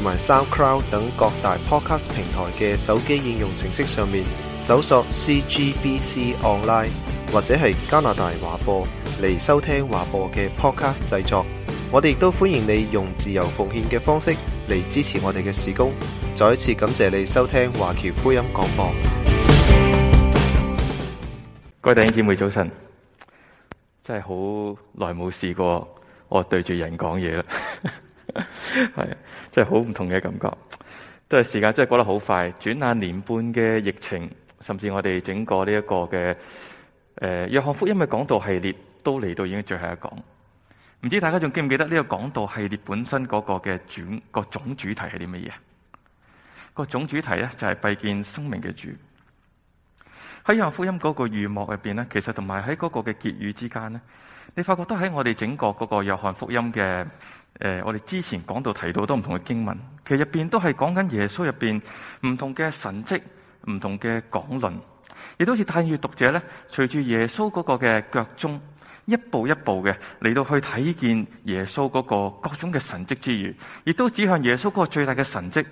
同埋 SoundCloud 等各大 Podcast 平台嘅手機應用程式上面搜索 CGBC Online 或者係加拿大華播嚟收聽華播嘅 Podcast 製作，我哋亦都歡迎你用自由奉獻嘅方式嚟支持我哋嘅事工。再一次感謝你收聽華僑福音廣播。各位弟兄姊妹早晨，真係好耐冇試過我對住人講嘢啦。係， 真係好唔同嘅感覺。都係時間真係過得好快，轉眼年半嘅疫情，甚至我哋整個呢一個嘅誒、呃、約翰福音嘅講道系列，都嚟到已經最後一講。唔知大家仲記唔記得呢個講道系列本身嗰個嘅主、嗰個總主題係啲乜嘢？嗰個總主題咧就係、是、拜見生命嘅主。喺約翰福音嗰個預幕入邊咧，其實同埋喺嗰個嘅結語之間咧，你發覺得喺我哋整個嗰個約翰福音嘅。誒、呃，我哋之前講到提到都多唔同嘅經文，其實入邊都係講緊耶穌入邊唔同嘅神蹟，唔同嘅講論，亦都似探閱讀者咧，隨住耶穌嗰個嘅腳蹤一步一步嘅嚟到去睇見耶穌嗰個各種嘅神蹟之餘，亦都指向耶穌嗰個最大嘅神蹟，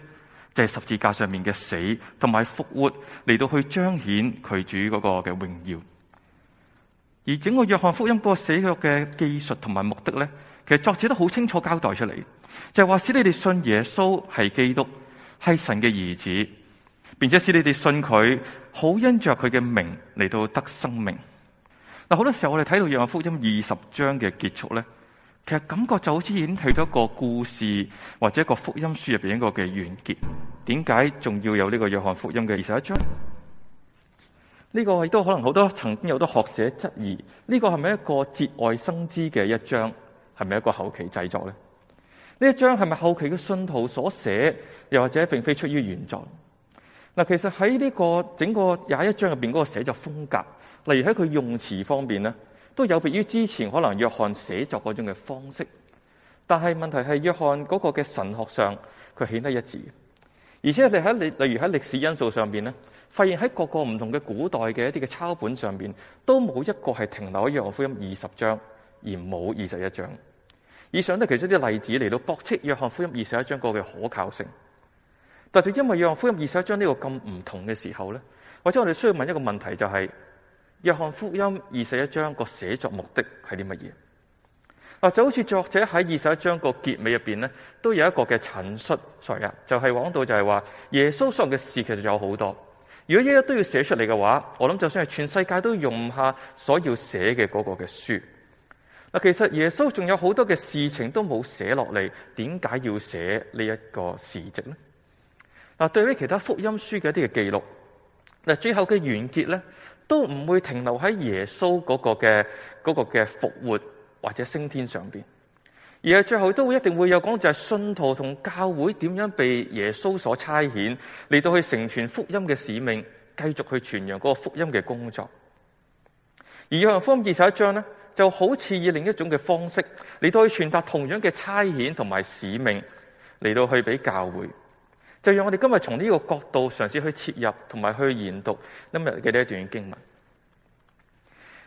就係、是、十字架上面嘅死同埋復活，嚟到去彰顯佢主嗰個嘅榮耀。而整個約翰福音嗰個寫作嘅技術同埋目的咧。其實作者都好清楚交代出嚟，就係話，使你哋信耶穌係基督，係神嘅兒子，並且使你哋信佢，好因着佢嘅名嚟到得生命。嗱，好多時候我哋睇到約翰福音二十章嘅結束咧，其實感覺就好似已經到咗個故事或者一個福音書入邊一個嘅完結。點解仲要有呢個約翰福音嘅二十一章？呢個亦都可能好多曾經有好多學者質疑呢個係咪一個節外生枝嘅一章？係咪一個後期製作咧？呢一章係咪後期嘅信徒所寫，又或者並非出於原作？嗱，其實喺呢個整個廿一章入邊嗰個寫作風格，例如喺佢用詞方面咧，都有別於之前可能約翰寫作嗰種嘅方式。但係問題係約翰嗰個嘅神學上，佢顯得一致。而且你喺例例如喺歷史因素上邊咧，發現喺各個唔同嘅古代嘅一啲嘅抄本上邊，都冇一個係停留喺約翰福音二十章，而冇二十一章。以上都其中啲例子嚟到駁斥約翰福音二十一章個嘅可靠性，但係因為約翰福音二十一章呢個咁唔同嘅時候咧，或者我哋需要問一個問題就係：約翰福音二十一章個寫作目的係啲乜嘢？或就好似作者喺二十一章個結尾入邊咧，都有一個嘅陳述在啊，就係講到就係話耶穌所有嘅事其實有好多，如果一一都要寫出嚟嘅話，我諗就算係全世界都用唔下所要寫嘅嗰個嘅書。嗱，其實耶穌仲有好多嘅事情都冇寫落嚟，點解要寫呢一個事蹟呢？嗱，對於其他福音書嘅一啲嘅記錄，嗱，最後嘅完結咧，都唔會停留喺耶穌嗰個嘅嗰個嘅復活或者升天上邊，而係最後都會一定會有講就係信徒同教會點樣被耶穌所差遣嚟到去成全福音嘅使命，繼續去傳揚嗰個福音嘅工作。而約翰福音二十一章咧。就好似以另一種嘅方式嚟到去傳達同樣嘅差遣同埋使命嚟到去俾教會，就讓我哋今日從呢個角度嘗試去切入同埋去研讀今日嘅呢一段經文。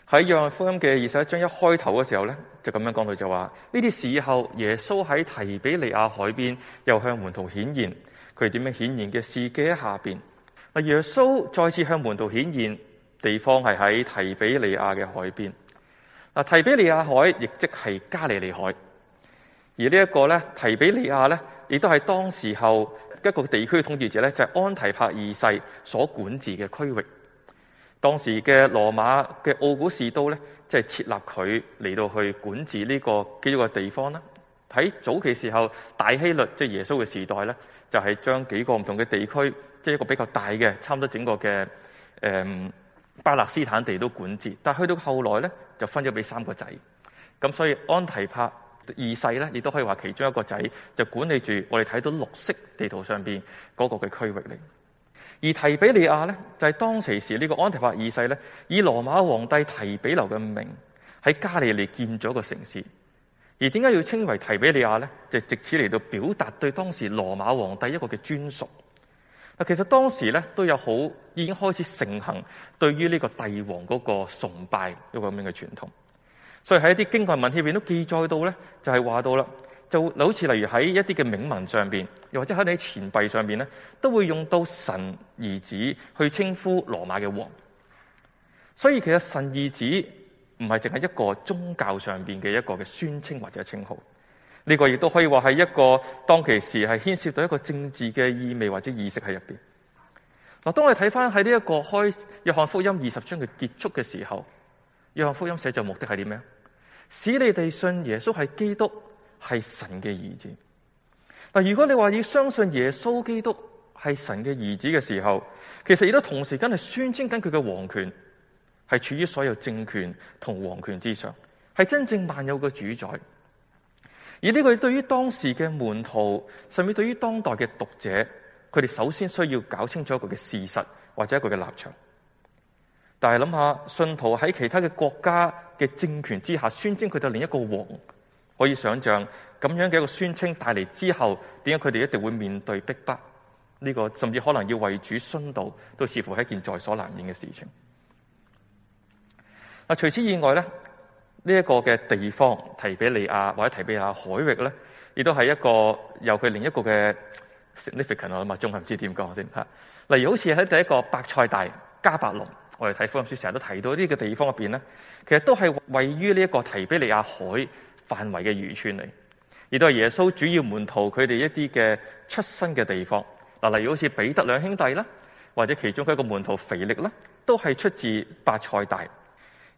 喺《約翰福音》嘅二十一章一開頭嘅時候咧，就咁樣講，佢就話：呢啲時候耶穌喺提比利亞海邊又向門徒顯現，佢點樣顯現嘅事跡喺下邊。啊耶穌再次向門徒顯現，地方係喺提比利亞嘅海邊。提比利亞海亦即係加利利海，而這呢一個咧，提比利亞咧，亦都係當時候一個地區嘅統治者咧，就係、是、安提帕二世所管治嘅區域。當時嘅羅馬嘅奧古士都咧，即、就、係、是、設立佢嚟到去管治呢個幾個地方啦。喺早期時候大希律即係、就是、耶穌嘅時代咧，就係、是、將幾個唔同嘅地區，即、就、係、是、一個比較大嘅，差唔多整個嘅誒、嗯、巴勒斯坦地都管治。但係去到後來咧。就分咗俾三個仔，咁所以安提帕二世咧，亦都可以話其中一個仔就管理住我哋睇到綠色地圖上邊嗰個嘅區域嚟。而提比利亞咧，就係當時時呢個安提帕二世咧，以羅馬皇帝提比留嘅名喺加利利建咗個城市。而點解要稱為提比利亞咧？就藉此嚟到表達對當時羅馬皇帝一個嘅專屬。其實當時咧都有好已經開始盛行對於呢個帝王嗰崇拜一個咁樣嘅傳統，所以喺一啲經文文獻入邊都記載到咧，就係、是、話到啦，就好似例如喺一啲嘅銘文上邊，又或者喺你錢幣上邊咧，都會用到神兒子去稱呼羅馬嘅王，所以其實神兒子唔係淨係一個宗教上邊嘅一個嘅宣稱或者稱號。呢個亦都可以話係一個當其時係牽涉到一個政治嘅意味或者意識喺入邊。嗱，當我哋睇翻喺呢一個開約翰福音二十章嘅結束嘅時候，約翰福音寫作目的係點樣？使你哋信耶穌係基督係神嘅兒子。嗱，如果你話要相信耶穌基督係神嘅兒子嘅時候，其實亦都同時間係宣稱緊佢嘅皇權係處於所有政權同皇權之上，係真正萬有嘅主宰。而呢個對於當時嘅門徒，甚至對於當代嘅讀者，佢哋首先需要搞清楚一個嘅事實或者一個嘅立場。但係諗下，信徒喺其他嘅國家嘅政權之下宣稱佢就係另一個王，可以想象咁樣嘅一個宣稱帶嚟之後，點解佢哋一定會面對逼迫？呢個甚至可能要為主殉道，都似乎係一件在所難免嘅事情。啊，除此以外咧，呢一個嘅地方提比利亞或者提比利亞海域咧，亦都係一個由佢另一個嘅 significant 啊嘛，仲係唔知點講先嚇。例如好似喺第一個伯賽大、迦百農，我哋睇福音書成日都提到呢個地方入邊咧，其實都係位於呢一個提比利亞海範圍嘅漁村嚟，亦都係耶穌主要門徒佢哋一啲嘅出身嘅地方。嗱，例如好似彼得兩兄弟啦，或者其中一個門徒腓力啦，都係出自伯賽大。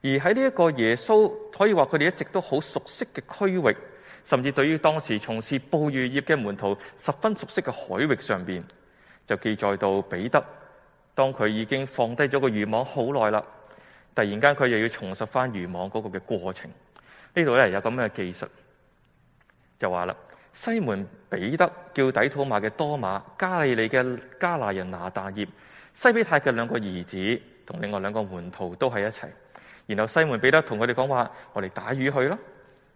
而喺呢一個耶穌可以話佢哋一直都好熟悉嘅區域，甚至對於當時從事捕魚業嘅門徒十分熟悉嘅海域上邊，就記載到彼得當佢已經放低咗個漁網好耐啦，突然間佢又要重拾翻漁網嗰個嘅過程。呢度咧有咁嘅技術就話啦。西門彼得叫低土馬嘅多馬，加利利嘅迦拿人拿但業，西庇太嘅兩個兒子同另外兩個門徒都喺一齊。然後西門彼得同佢哋講話：我哋打魚去咯。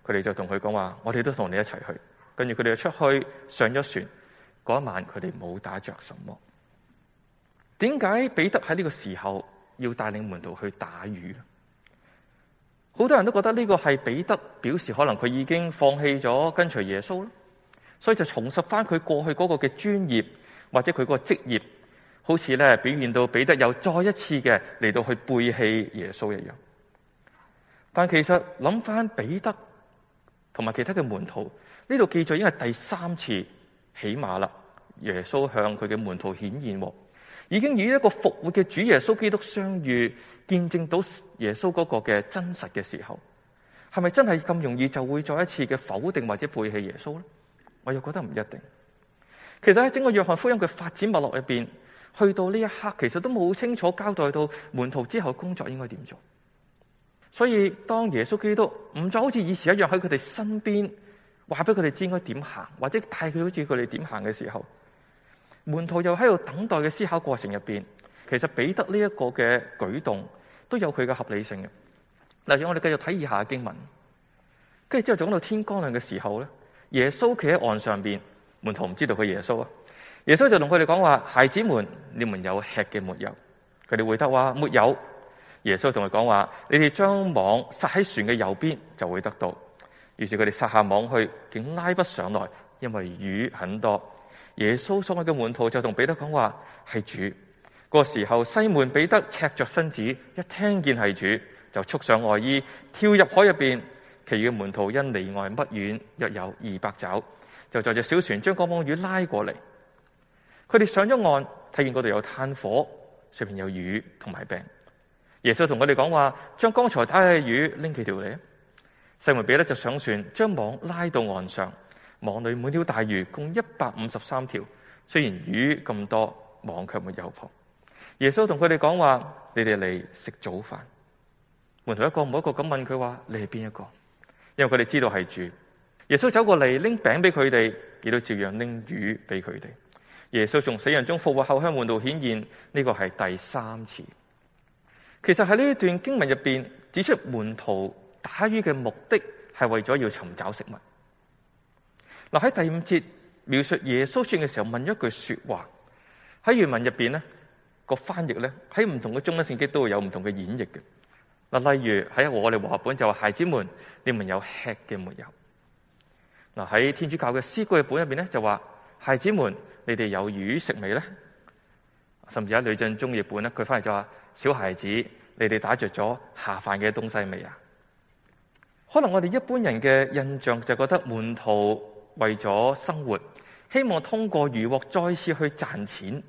佢哋就同佢講話：我哋都同你一齊去。跟住佢哋就出去上咗船。嗰一晚佢哋冇打着什麼。點解彼得喺呢個時候要帶領門徒去打魚咧？好多人都覺得呢個係彼得表示可能佢已經放棄咗跟隨耶穌咯，所以就重拾翻佢過去嗰個嘅專業或者佢嗰個職業，好似咧表現到彼得又再一次嘅嚟，到去背棄耶穌一樣。但其實諗翻彼得同埋其他嘅門徒，呢度記載已經係第三次起碼啦。耶穌向佢嘅門徒顯現，已經以一個復活嘅主耶穌基督相遇，見證到耶穌嗰個嘅真實嘅時候，係咪真係咁容易就會再一次嘅否定，或者背棄耶穌咧？我又覺得唔一定。其實喺整個約翰福音嘅發展脈絡入邊，去到呢一刻，其實都冇清楚交代到門徒之後工作應該點做。所以當耶穌基督唔再好似以前一樣喺佢哋身邊，話俾佢哋知應該點行，或者帶佢好似佢哋點行嘅時候，門徒又喺度等待嘅思考過程入邊，其實彼得呢一個嘅舉動都有佢嘅合理性嘅。例如我哋繼續睇以下嘅經文，跟住之後就到天光亮嘅時候咧，耶穌企喺岸上邊，門徒唔知道佢耶穌啊，耶穌就同佢哋講話：孩子們，你們有吃嘅沒有？佢哋回答話：沒有。耶穌同佢講話：，你哋將網撒喺船嘅右邊，就會得到。於是佢哋撒下網去，竟拉不上來，因為魚很多。耶穌所愛嘅門徒就同彼得講話：係主。個時候，西門彼得赤着身子，一聽見係主，就束上外衣，跳入海入邊。其餘嘅門徒因離岸不遠，約有二百肘，就坐住小船將嗰網魚拉過嚟。佢哋上咗岸，睇見嗰度有炭火，上面有魚同埋餅。耶穌同佢哋講話：，將剛才打嘅魚拎幾條嚟。西門彼得就上船，將網拉到岸上，網裏滿條大魚，共一百五十三條。雖然魚咁多，網卻沒有破。耶穌同佢哋講話：，你哋嚟食早飯。門徒一個冇一個咁問佢話：，你係邊一個？因為佢哋知道係主。耶穌走過嚟，拎餅俾佢哋，亦都照樣拎魚俾佢哋。耶穌從死人中復活後向門徒顯現，呢、這個係第三次。其實喺呢段經文入邊指出門徒打魚嘅目的係為咗要尋找食物。嗱喺第五節描述耶穌說嘅時候問咗一句說話，喺原文入邊咧個翻譯咧喺唔同嘅中文聖經都會有唔同嘅演繹嘅。嗱，例如喺我哋和合本就話：孩子們，你們有吃嘅沒有？嗱喺天主教嘅思高本入邊咧就話：孩子們，你哋有魚食未咧？甚至喺呂振中譯本咧，佢反嚟就話。小孩子，你哋打着咗下飯嘅東西未啊？可能我哋一般人嘅印象就覺得門徒為咗生活，希望通過漁獲再次去賺錢。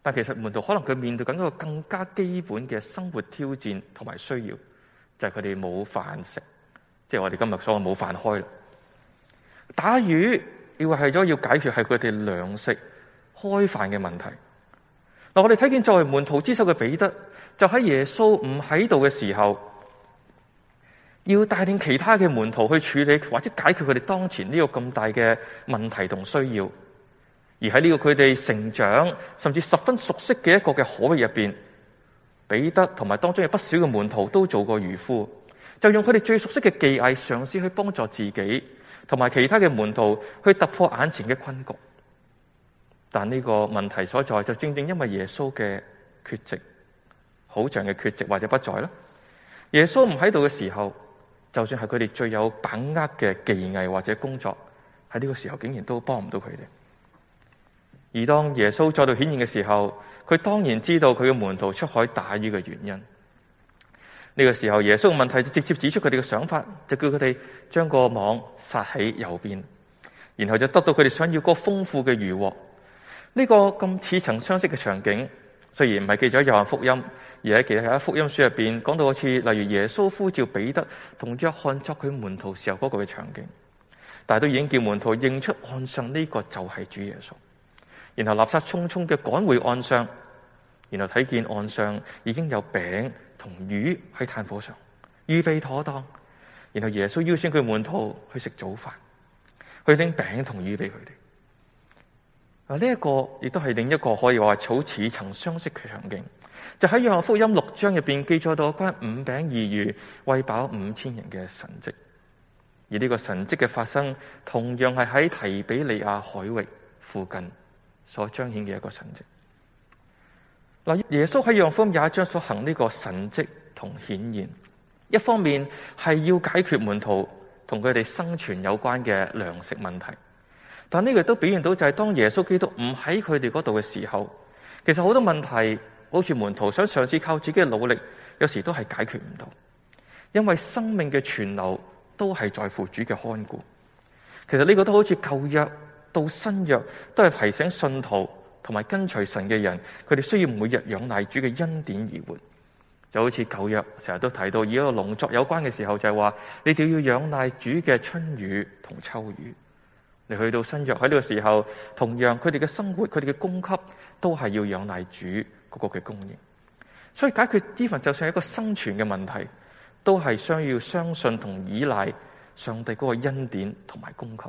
但其實門徒可能佢面對緊一個更加基本嘅生活挑戰同埋需要，就係佢哋冇飯食，即係我哋今日所謂冇飯開啦。打魚要係咗要解決係佢哋糧食開飯嘅問題。嗱，我哋睇見作為門徒之首嘅彼得，就喺耶穌唔喺度嘅時候，要帶領其他嘅門徒去處理或者解決佢哋當前呢個咁大嘅問題同需要，而喺呢個佢哋成長甚至十分熟悉嘅一個嘅海域入邊，彼得同埋當中有不少嘅門徒都做過漁夫，就用佢哋最熟悉嘅技藝嘗試去幫助自己同埋其他嘅門徒去突破眼前嘅困局。但呢個問題所在，就正正因為耶穌嘅缺席，好像嘅缺席或者不在咯。耶穌唔喺度嘅時候，就算係佢哋最有把握嘅技藝或者工作，喺呢個時候竟然都幫唔到佢哋。而當耶穌再度顯現嘅時候，佢當然知道佢嘅門徒出海打魚嘅原因。呢、這個時候，耶穌嘅問題就直接指出佢哋嘅想法，就叫佢哋將個網撒喺右邊，然後就得到佢哋想要嗰豐富嘅魚獲。呢個咁似曾相識嘅場景，雖然唔係記載喺約翰福音，而喺其實喺福音書入邊講到一次，例如耶穌呼召彼得同約翰作佢門徒時候嗰個嘅場景，但係都已經叫門徒認出岸上呢個就係主耶穌，然後垃圾匆匆嘅趕回岸上，然後睇見岸上已經有餅同魚喺炭火上預備妥當，然後耶穌邀請佢門徒去食早飯，去拎餅同魚俾佢哋。嗱，呢一個亦都係另一個可以話草似曾相識嘅場景，就喺約翰福音六章入邊記載到關五餅二魚喂飽五千人嘅神蹟，而呢個神蹟嘅發生，同樣係喺提比利亞海域附近所彰顯嘅一個神蹟。嗱，耶穌喺約翰福音廿一章所行呢個神蹟同顯現，一方面係要解決門徒同佢哋生存有關嘅糧食問題。但呢個都表現到就係當耶穌基督唔喺佢哋嗰度嘅時候，其實好多問題，好似門徒想嘗試靠自己嘅努力，有時都係解決唔到，因為生命嘅存留都係在乎主嘅看顧。其實呢個都好似舊約到新約，都係提醒信徒同埋跟隨神嘅人，佢哋需要每日仰賴主嘅恩典而活。就好似舊約成日都提到以一個農作有關嘅時候就是，就係話你哋要仰賴主嘅春雨同秋雨。去到新約喺呢個時候，同樣佢哋嘅生活，佢哋嘅供給都係要仰賴主嗰個嘅供應。所以解決呢份，就算係一個生存嘅問題，都係需要相信同依賴上帝嗰個恩典同埋供給。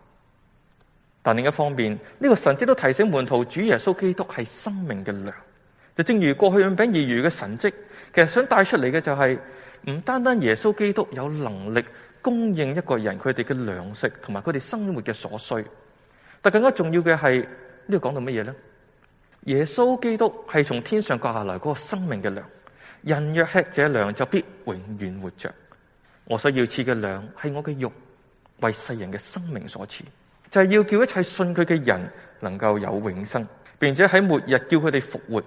但另一方面，呢、這個神蹟都提醒門徒，主耶穌基督係生命嘅糧。就正如過去五餅二魚嘅神蹟，其實想帶出嚟嘅就係、是、唔單單耶穌基督有能力。供應一個人佢哋嘅糧食同埋佢哋生活嘅所需，但更加重要嘅係呢度講到乜嘢咧？耶穌基督係從天上降下來嗰個生命嘅糧，人若吃這糧就必永遠活着。我所要賜嘅糧係我嘅肉，為世人嘅生命所賜，就係要叫一切信佢嘅人能夠有永生，並且喺末日叫佢哋復活。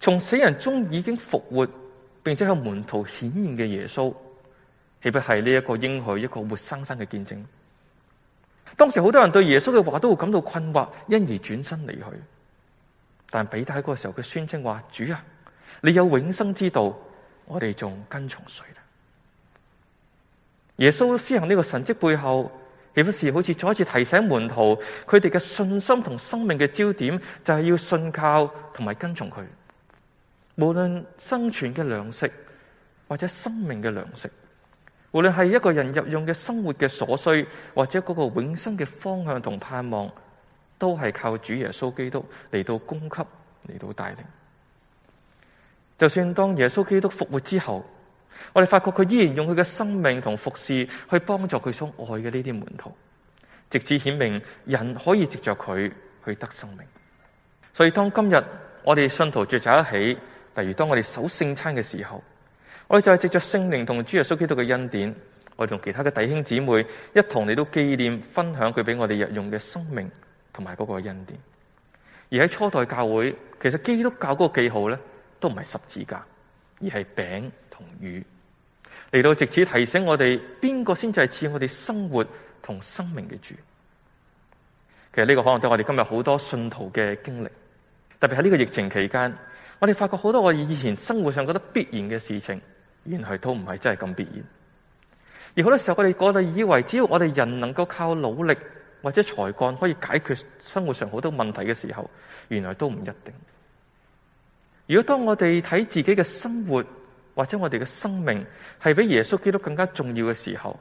從死人中已經復活，並且向門徒顯現嘅耶穌，豈不係呢一個應許，一個活生生嘅見證？當時好多人對耶穌嘅話都會感到困惑，因而轉身離去。但彼得喺嗰個時候佢宣稱話，主啊，你有永生之道，我哋仲跟從誰咧？耶穌施行呢個神跡背後，豈不是好似再一次提醒門徒，佢哋嘅信心同生命嘅焦點就係要信靠同埋跟從佢，無論生存嘅糧食或者生命嘅糧食。無論係一個人入用嘅生活嘅所需，或者嗰個永生嘅方向同盼望，都係靠主耶穌基督嚟到供給、嚟到帶領。就算當耶穌基督復活之後，我哋發覺佢依然用佢嘅生命同服侍去幫助佢所愛嘅呢啲門徒，直至顯明人可以藉着佢去得生命。所以，當今日我哋信徒聚集一起，例如當我哋守聖餐嘅時候。我哋就係借着聖靈同主耶穌基督嘅恩典，我哋同其他嘅弟兄姊妹一同嚟到紀念、分享佢俾我哋日用嘅生命同埋嗰個恩典。而喺初代教會，其實基督教嗰個記號咧，都唔係十字架，而係餅同魚嚟到，藉此提醒我哋邊個先至係賜我哋生活同生命嘅主。其實呢個可能都係我哋今日好多信徒嘅經歷，特別喺呢個疫情期間，我哋發覺好多我以前生活上覺得必然嘅事情。原來都唔係真係咁必然，而好多時候我哋覺得以為只要我哋人能夠靠努力或者才幹可以解決生活上好多問題嘅時候，原來都唔一定。如果當我哋睇自己嘅生活或者我哋嘅生命係比耶穌基督更加重要嘅時候，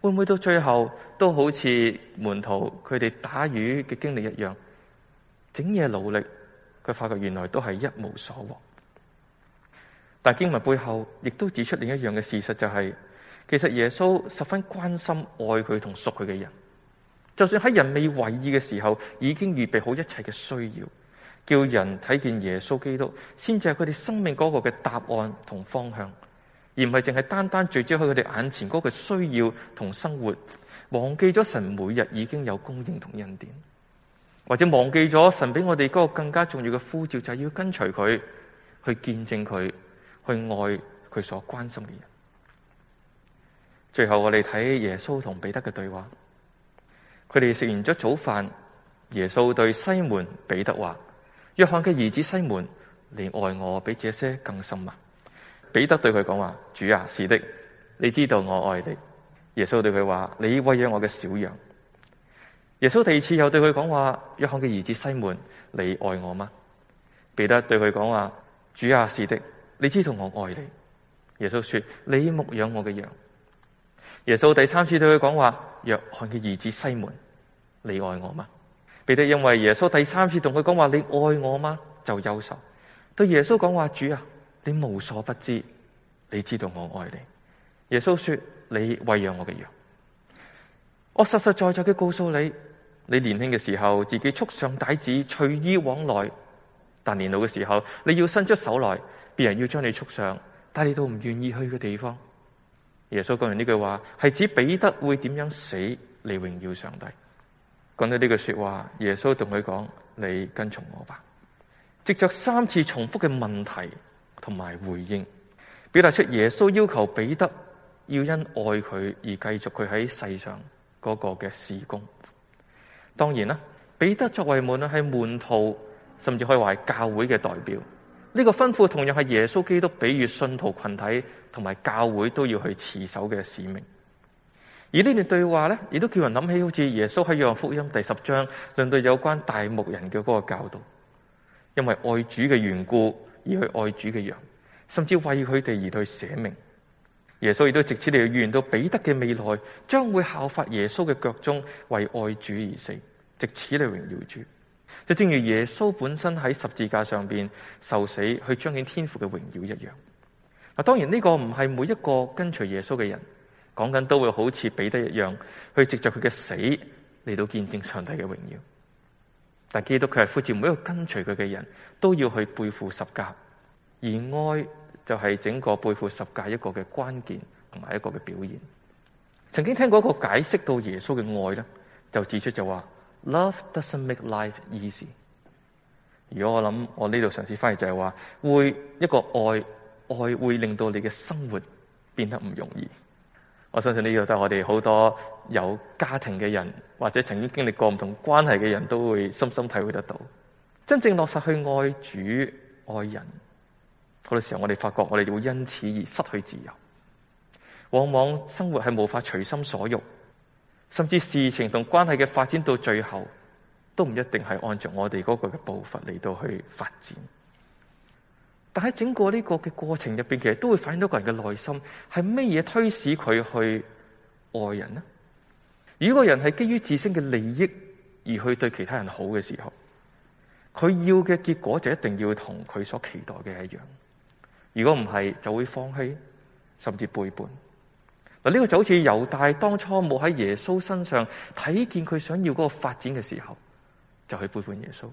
會唔會到最後都好似門徒佢哋打魚嘅經歷一樣，整夜努力，佢發覺原來都係一無所獲。但經文背後亦都指出另一樣嘅事實，就是，就係其實耶穌十分關心愛佢同屬佢嘅人，就算喺人未為意嘅時候，已經預備好一切嘅需要，叫人睇見耶穌基督，先至係佢哋生命嗰個嘅答案同方向，而唔係淨係單單聚焦喺佢哋眼前嗰個的需要同生活，忘記咗神每日已經有供應同恩典，或者忘記咗神俾我哋嗰個更加重要嘅呼召，就係，是，要跟隨佢去見證佢。去愛佢所關心嘅人。最後我哋睇耶穌同彼得嘅對話，佢哋食完咗早飯，耶穌對西門彼得話：約翰嘅兒子西門，你愛我比這些更深啊。」彼得對佢講話：主啊，是的，你知道我愛你。耶穌對佢話：你餵養我嘅小羊。耶穌第二次又對佢講話：約翰嘅兒子西門，你愛我嗎？彼得對佢講話：主啊，是的。你知道我愛你，耶穌說你牧養我嘅羊。耶穌第三次對佢講話：約翰嘅兒子西門，你愛我嗎？彼得因為耶穌第三次同佢講話，你愛我嗎？就憂愁，對耶穌講話：主啊，你無所不知，你知道我愛你。耶穌說你喂養我嘅羊，我實實在在嘅告訴你，你年輕嘅時候自己束上帶子，隨意往來，但年老嘅時候你要伸出手來。別人要將你束上，帶你到唔願意去嘅地方。耶穌講完呢句話，係指彼得會點樣死嚟榮耀上帝。講到呢句說話，耶穌同佢講：你跟從我吧。藉着三次重複嘅問題同埋回應，表達出耶穌要求彼得要因愛佢而繼續佢喺世上嗰個嘅事工。當然啦，彼得作為門係門徒，甚至可以話係教會嘅代表。呢個吩咐同樣係耶穌基督比喻信徒群體同埋教會都要去持守嘅使命，而呢段對話咧，亦都叫人諗起好似耶穌喺《約翰福音》第十章論到有關大牧人嘅嗰個教導，因為愛主嘅緣故而去愛主嘅羊，甚至為佢哋而去捨命。耶穌亦都藉此嚟預言到彼得嘅未來將會效法耶穌嘅腳蹤為愛主而死，藉此嚟榮耀主。就正如耶穌本身喺十字架上邊受死，去彰顯天父嘅榮耀一樣，啊，當然呢個唔係每一個跟隨耶穌嘅人講緊都會好似彼得一樣去藉着佢嘅死嚟到見證上帝嘅榮耀。但基督佢係呼召每一個跟隨佢嘅人都要去背負十架，而愛就係整個背負十架一個嘅關鍵同埋一個嘅表現。曾經聽過一個解釋到耶穌嘅愛咧，就指出就話。Love doesn't make life easy。如果我諗，我呢度嘗試翻譯就係話，會一個愛愛會令到你嘅生活變得唔容易。我相信呢度都係我哋好多有家庭嘅人，或者曾經經歷過唔同關係嘅人都會深深體會得到。真正落實去愛主愛人，好多時候我哋發覺我哋會因此而失去自由。往往生活係無法隨心所欲。甚至事情同關係嘅發展到最後，都唔一定係按照我哋嗰個嘅步伐嚟到去發展。但喺整個呢個嘅過程入邊，其實都會反映到個人嘅內心係咩嘢推使佢去愛人呢？如果個人係基於自身嘅利益而去對其他人好嘅時候，佢要嘅結果就一定要同佢所期待嘅一樣。如果唔係，就會放棄甚至背叛。呢個就好似猶大當初冇喺耶穌身上睇見佢想要嗰個發展嘅時候，就去背叛耶穌。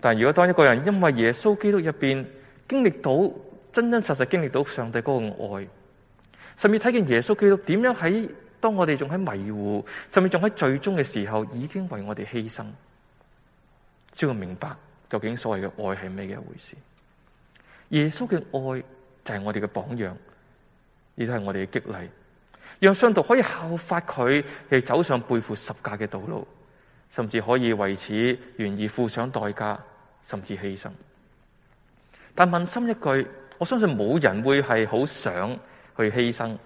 但如果當一個人因為耶穌基督入邊經歷到真真實實經歷到上帝嗰個愛，甚至睇見耶穌基督點樣喺當我哋仲喺迷糊，甚至仲喺罪中嘅時候，已經為我哋犧牲，先會明白究竟所謂嘅愛係咩嘢一回事。耶穌嘅愛就係我哋嘅榜樣。呢啲都係我哋嘅激勵，讓信徒可以效法佢，去走上背負十架嘅道路，甚至可以為此願意付上代價，甚至犧牲。但問心一句，我相信冇人會係好想去犧牲，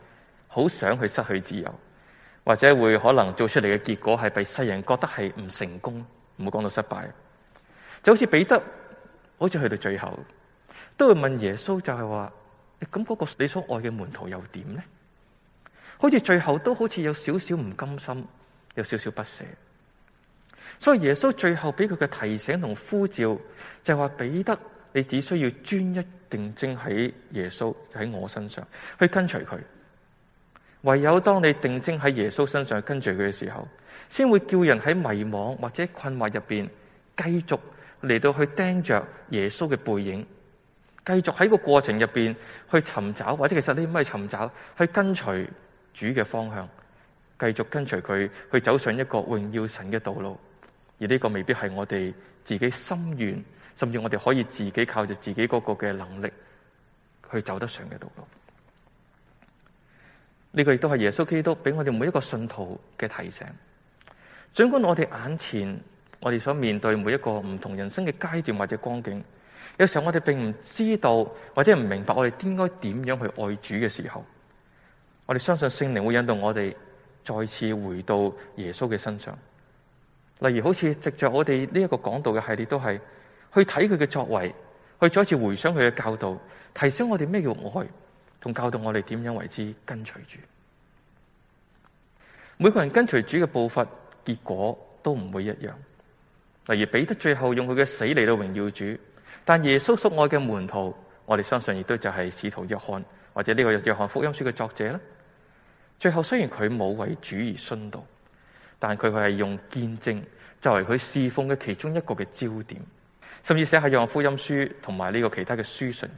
好想去失去自由，或者會可能做出嚟嘅結果係被世人覺得係唔成功，唔好講到失敗。就好似彼得，好似去到最後，都會問耶穌就，就係話。咁嗰個你所愛嘅門徒又點呢？好似最後都好似有少少唔甘心，有少少不捨。所以耶穌最後俾佢嘅提醒同呼召，就話、是、彼得，你只需要專一定睛喺耶穌喺、就是、我身上，去跟隨佢。唯有當你定睛喺耶穌身上跟隨佢嘅時候，先會叫人喺迷惘或者困惑入邊，繼續嚟到去盯着耶穌嘅背影。繼續喺個過程入邊去尋找，或者其實你唔係尋找，去跟隨主嘅方向，繼續跟隨佢去走上一個榮耀神嘅道路。而呢個未必係我哋自己心願，甚至我哋可以自己靠住自己嗰個嘅能力去走得上嘅道路。呢個亦都係耶穌基督俾我哋每一個信徒嘅提醒。盡管我哋眼前我哋所面對每一個唔同人生嘅階段或者光景，有時候我哋並唔知道，或者唔明白我哋應該點樣去愛主嘅時候，我哋相信聖靈會引導我哋再次回到耶穌嘅身上。例如好似藉著我哋呢一個講道嘅系列都係去睇佢嘅作為，去再一次回想佢嘅教導，提醒我哋咩叫愛，同教導我哋點樣為之跟隨主。每個人跟隨主嘅步伐，結果都唔會一樣。例如彼得最後用佢嘅死嚟到榮耀主。但耶穌所愛嘅門徒，我哋相信亦都就係使徒約翰，或者呢個約翰福音書嘅作者咧。最後雖然佢冇為主而殉道，但佢係用見證作為佢侍奉嘅其中一個嘅焦點，甚至寫下約翰福音書同埋呢個其他嘅書信。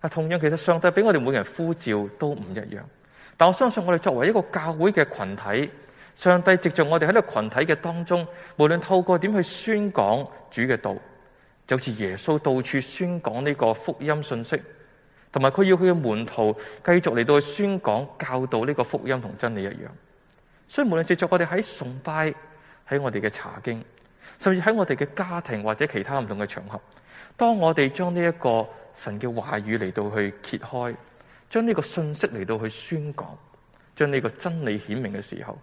啊，同樣其實上帝俾我哋每人呼召都唔一樣，但我相信我哋作為一個教會嘅群體，上帝藉着我哋喺呢個群體嘅當中，無論透過點去宣講主嘅道。就好似耶穌到處宣講呢個福音信息，同埋佢要佢嘅門徒繼續嚟到去宣講教導呢個福音同真理一樣。所以無論藉着我哋喺崇拜、喺我哋嘅查經，甚至喺我哋嘅家庭或者其他唔同嘅場合，當我哋將呢一個神嘅話語嚟到去揭開，將呢個信息嚟到去宣講，將呢個真理顯明嘅時候，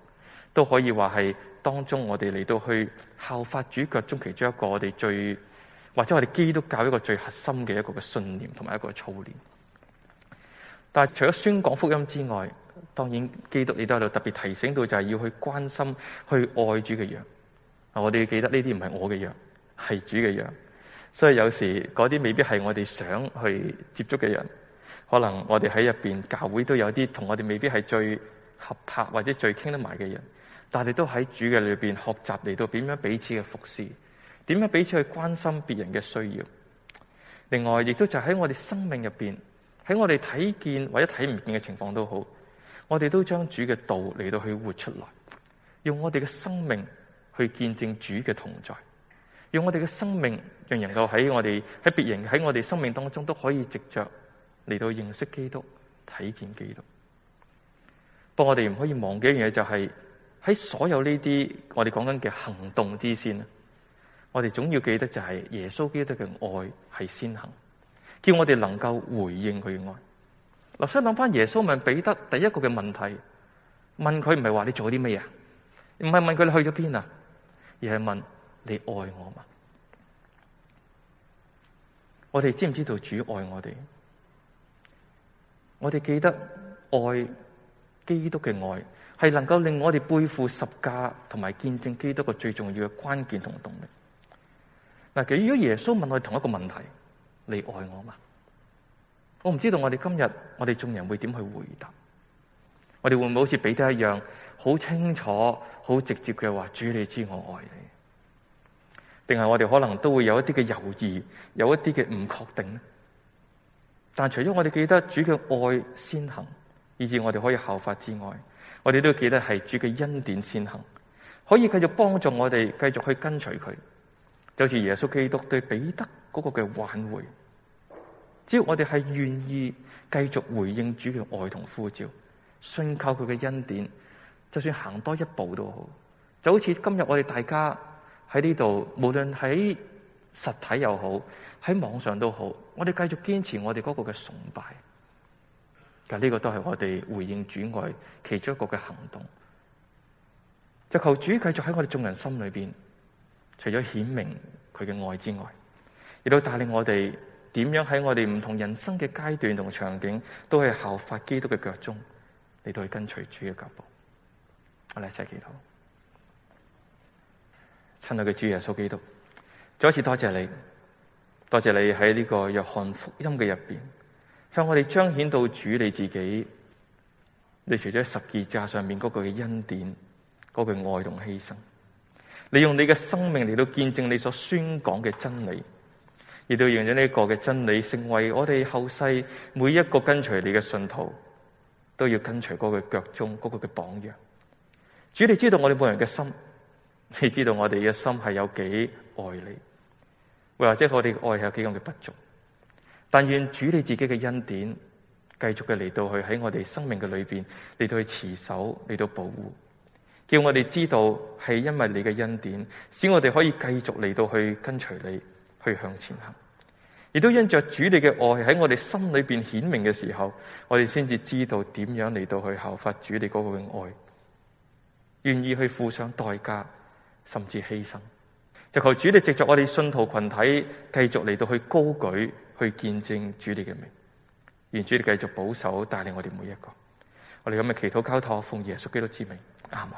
都可以話係當中我哋嚟到去效法主腳中其中一個我哋最。或者我哋基督教一個最核心嘅一個嘅信念，同埋一個操練。但係除咗宣講福音之外，當然基督亦都喺度特別提醒到，就係要去關心、去愛主嘅羊。我哋要記得呢啲唔係我嘅羊，係主嘅羊。所以有時嗰啲未必係我哋想去接觸嘅人，可能我哋喺入邊教會都有啲同我哋未必係最合拍或者最傾得埋嘅人，但係都喺主嘅裏邊學習嚟到點樣彼此嘅服侍。點樣彼此去關心別人嘅需要？另外，亦都就喺我哋生命入邊，喺我哋睇見或者睇唔見嘅情況都好，我哋都將主嘅道嚟到去活出來，用我哋嘅生命去見證主嘅同在，用我哋嘅生命在，讓人夠喺我哋喺別人喺我哋生命當中都可以藉著，嚟到認識基督、睇見基督。們不過我哋唔可以忘記一樣嘢，就係喺所有呢啲我哋講緊嘅行動之先。我哋總要記得，就係耶穌基督嘅愛係先行，叫我哋能夠回應佢嘅愛。嗱，想諗翻耶穌問彼得第一個嘅問題，問佢唔係話你做啲咩啊？唔係問佢你去咗邊啊？而係問你愛我嘛？我哋知唔知道主愛我哋？我哋記得愛基督嘅愛，係能夠令我哋背負十架，同埋見證基督個最重要嘅關鍵同動力。嗱，如果耶穌問我哋同一個問題，你愛我嘛？我唔知道我們今天，我哋今日我哋眾人會點去回答？我哋會唔會好似彼得一樣，好清楚、好直接嘅話，主你知我愛你？定係我哋可能都會有一啲嘅猶豫，有一啲嘅唔確定呢？但除咗我哋記得主嘅愛先行，以至我哋可以效法之外，我哋都要記得係主嘅恩典先行，可以繼續幫助我哋繼續去跟隨佢。就好似耶穌基督對彼得嗰個嘅挽回，只要我哋係願意繼續回應主嘅愛同呼召，信靠佢嘅恩典，就算行多一步都好。就好似今日我哋大家喺呢度，無論喺實體又好，喺網上都好，我哋繼續堅持我哋嗰個嘅崇拜。但呢個都係我哋回應主愛其中一個嘅行動。就求主繼續喺我哋眾人心裏邊。除咗顯明佢嘅愛之外，亦都帶領我哋點樣喺我哋唔同人生嘅階段同場景，都係效法基督嘅腳蹤你都去跟隨主嘅腳步。我哋一齊祈禱，親愛嘅主耶穌基督，再一次多謝你，多謝你喺呢個約翰福音嘅入邊，向我哋彰顯到主你自己。你除咗十字架上面嗰句嘅恩典，嗰句愛同犧牲。你用你嘅生命嚟到見證你所宣講嘅真理，亦都讓咗呢一個嘅真理成為我哋後世每一個跟隨你嘅信徒都要跟隨嗰個腳蹤嗰、嗰個嘅榜樣。主，你知道我哋每人嘅心，你知道我哋嘅心係有幾愛你，或者我哋嘅愛係有幾咁嘅不足。但願主你自己嘅恩典繼續嘅嚟到去喺我哋生命嘅裏邊，你都去持守，你都保護。叫我哋知道係因為你嘅恩典，使我哋可以繼續嚟到去跟隨你去向前行，亦都因着主你嘅愛喺我哋心裏邊顯明嘅時候，我哋先至知道點樣嚟到去效法主你嗰個愛，願意去付上代價，甚至犧牲。就求主你藉着我哋信徒群體繼續嚟到去高舉，去見證主你嘅名。願主你繼續保守帶領我哋每一個。我哋咁嘅祈禱交託奉耶穌基督之名，啱嘛？